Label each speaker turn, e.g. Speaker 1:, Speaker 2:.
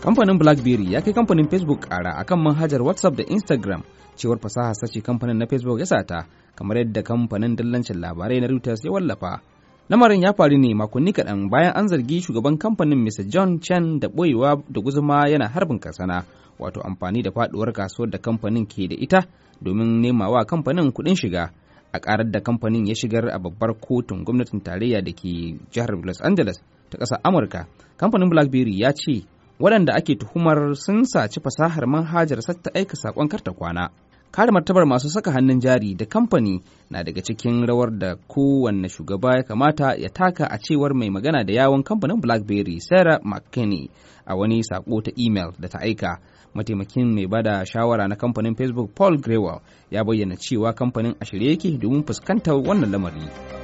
Speaker 1: Kamfanin BlackBerry ya kai kamfanin Facebook ƙara akan manhajar WhatsApp da Instagram cewar fasaha sace kamfanin na Facebook ya sata kamar yadda kamfanin dallancin labarai na Reuters ya wallafa. Lamarin ya faru ne makonni kaɗan bayan an zargi shugaban kamfanin Mr. John Chen da ɓoyewa da guzuma yana harbin kasana wato amfani da faɗuwar kasuwar da kamfanin ke da ita domin nemawa kamfanin kuɗin shiga. a ƙarar da kamfanin ya shigar a babbar kotun gwamnatin tarayya da ke jihar los angeles ta ƙasar amurka kamfanin blackberry ya ce waɗanda ake tuhumar sun saci fasahar manhajar sata aika saƙon karta kwana kare martabar masu saka hannun jari da kamfani na daga cikin rawar da kowanne shugaba ya kamata ya taka a cewar mai magana da yawon kamfanin blackberry sarah mckinney a wani saƙo ta email da ta aika mataimakin mai bada shawara na kamfanin facebook paul grewal ya bayyana cewa kamfanin a shirye yake domin fuskantar wannan lamari.